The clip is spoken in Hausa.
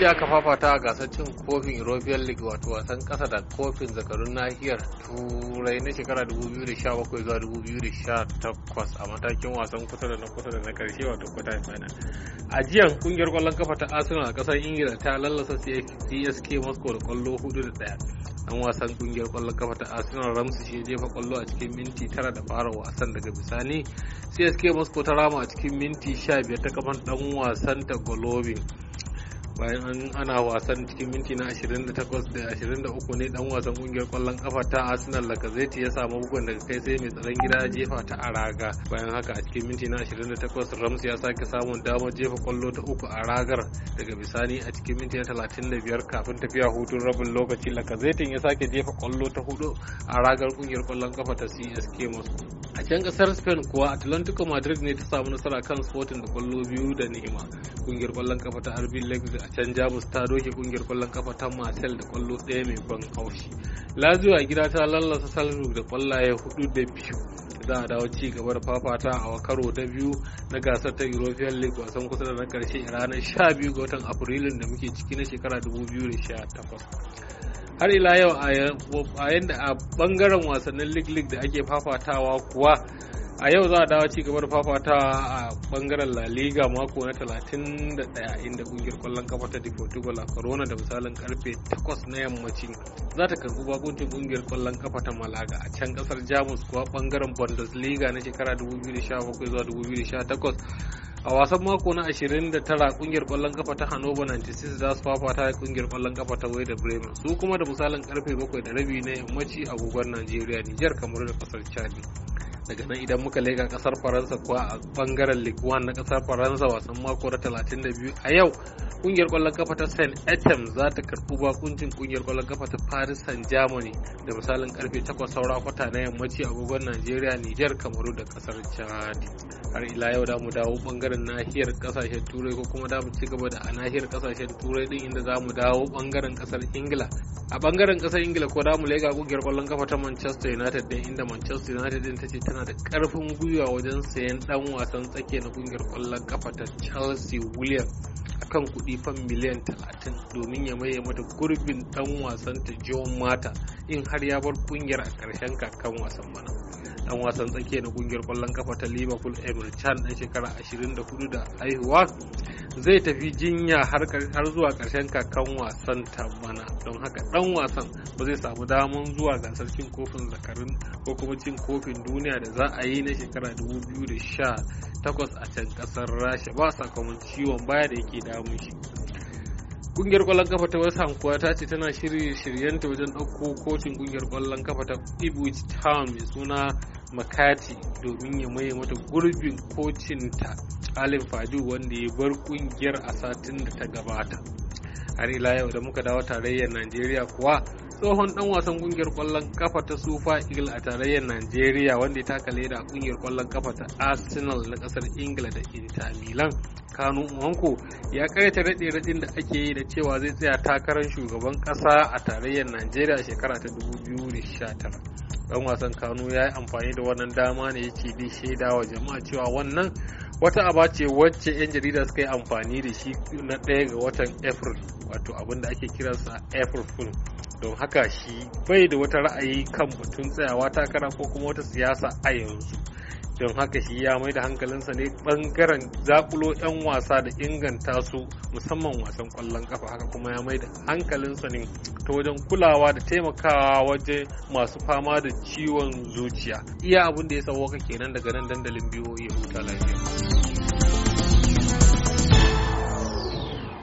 jiya ka fafata a gasar cin kofin european league wato wasan kasa da kofin zakarun nahiyar turai na shekara 2017 zuwa 2018 a matakin wasan kusa da na kusa da na karshe wato quarter final a jiyan kungiyar kwallon kafa ta arsenal a kasar ingila ta lallasa csk moscow da kwallo 4 da daya dan wasan kungiyar kwallon kafa ta arsenal ramsu shi jefa kwallo a cikin minti tara da fara wasan daga bisani csk moscow ta rama a cikin minti 15 ta kafan dan wasan ta golovin bayan ana wasan cikin minti na 28 da 23 ne dan wasan kungiyar kwallon kafa ta arsenal lacazette ya samu bugun daga kai sai mai tsaron gida jefa ta a raga bayan haka a cikin minti na 28 rams ya sake samun damar jefa kwallo ta uku a ragar daga bisani a cikin minti na 35 kafin tafiya hutun rabin lokaci lacazette ya sake jefa kwallo ta hudu a ragar kungiyar kwallon kafa ta csk moscow a can kasar spain kuwa atlantico madrid ne ta samu nasara kan sporting da kwallo biyu da Neymar kungiyar kwallon kafa ta rb leipzig a can jamus ta doke kungiyar kwallon kafa ta marcel da kwallo ɗaya mai ban haushi lazio a gida ta lallasa salzburg da kwallaye hudu da biyu za a dawo ci gaba da fafata a karo ta biyu na gasar ta european league wasan kusa da na karshe ranar 12 ga watan afrilun da muke ciki na shekara 2018 har ila yau a yanda a bangaren wasannin lig lig da ake fafatawa kuwa a yau za a dawo ci gaba da fafata a bangaren la liga mako na 31 inda kungiyar kwallon kafa ta di portugal a corona da misalin karfe 8 na yammaci za ta karbi bakuncin kungiyar kwallon kafa ta malaga a can kasar jamus kuwa bangaren bundesliga na shekara 2017 zuwa 2018 a wasan mako na 29 kungiyar kwallon kafa ta Hannover 96 za su fafata da kungiyar kwallon kafa ta da Bremen su kuma da misalin karfe 7 da rabi na yammaci a agogon nigeria Nijar kamar da kasar chadi daga nan idan muka leƙa kasar faransa kuwa a bangaren ligue 1 na kasar faransa wasan mako na 32 a yau kungiyar kwallon kafa ta saint etienne za ta karɓi bakuncin kungiyar kwallon kafa ta paris saint germain da misalin karfe 8 saura kwata na yammaci a agogon nigeria niger kamaru da ƙasar chad har ila yau da mu dawo bangaren nahiyar kasashen turai ko kuma da mu ci gaba da a nahiyar kasashen turai din inda za mu dawo bangaren kasar ingila a bangaren kasar ingila ko da mu lega kungiyar kwallon kafa ta manchester united din inda manchester united din ta ce tana da karfin gwiwa wajen sayan dan wasan tsakiya na kungiyar kwallon kafa ta chelsea william akan kudi fan miliyan 30 domin ya maye mata gurbin dan wasan ta john mata in har ya bar kungiyar a karshen kakan wasan bana dan wasan tsakiya na kungiyar kwallon kafa ta liverpool emir chan dan shekara 24 da haihuwa zai tafi jinya har zuwa karshen kakan wasan ta bana don haka dan wasan ba zai samu damar zuwa gasar cin kofin Zakarin ko kuma cin kofin duniya da za a yi na shekara 2018 a can kasar rasha ba sakamakon ciwon baya da yake damun shi kungiyar kwallon kafa ta west ham kuwa ta ce tana shirye shiryenta wajen ɗauko kocin kungiyar kwallon kafa ta ibuj town mai suna makati domin ya maye mata gurbin kocin ta alin fadu wanda ya bar kungiyar a satin da ta gabata har ila yau da muka dawo tarayyar najeriya kuwa tsohon dan wasan kungiyar kwallon kafa ta sufa igil a tarayyar najeriya wanda ya taka leda a kungiyar kwallon kafa ta arsenal na kasar ingila da inter milan kanu wanko ya karyata raɗe raɗin da ake yi da cewa zai tsaya takarar shugaban ƙasa a tarayyar najeriya shekara ta 2019 ɗan wasan kano ya yi amfani da wannan dama ne ya ce bi shaida wa jama'a cewa wannan wata aba ce wacce 'yan jarida suka yi amfani da shi na ɗaya ga watan april wato abin da ake kiransa april fool don haka shi bai da wata ra'ayi kan batun tsayawa takara ko kuma wata siyasa a yanzu don haka shi ya mai da hankalinsa ne bangaren zakulo 'yan wasa da inganta su musamman wasan kwallon kafa haka kuma ya mai da hankalinsa ne ta wajen kulawa da taimakawa waje masu fama da ciwon zuciya iya abin da ya sauwaka kenan daga nan dandalin biyu ya huta lafiya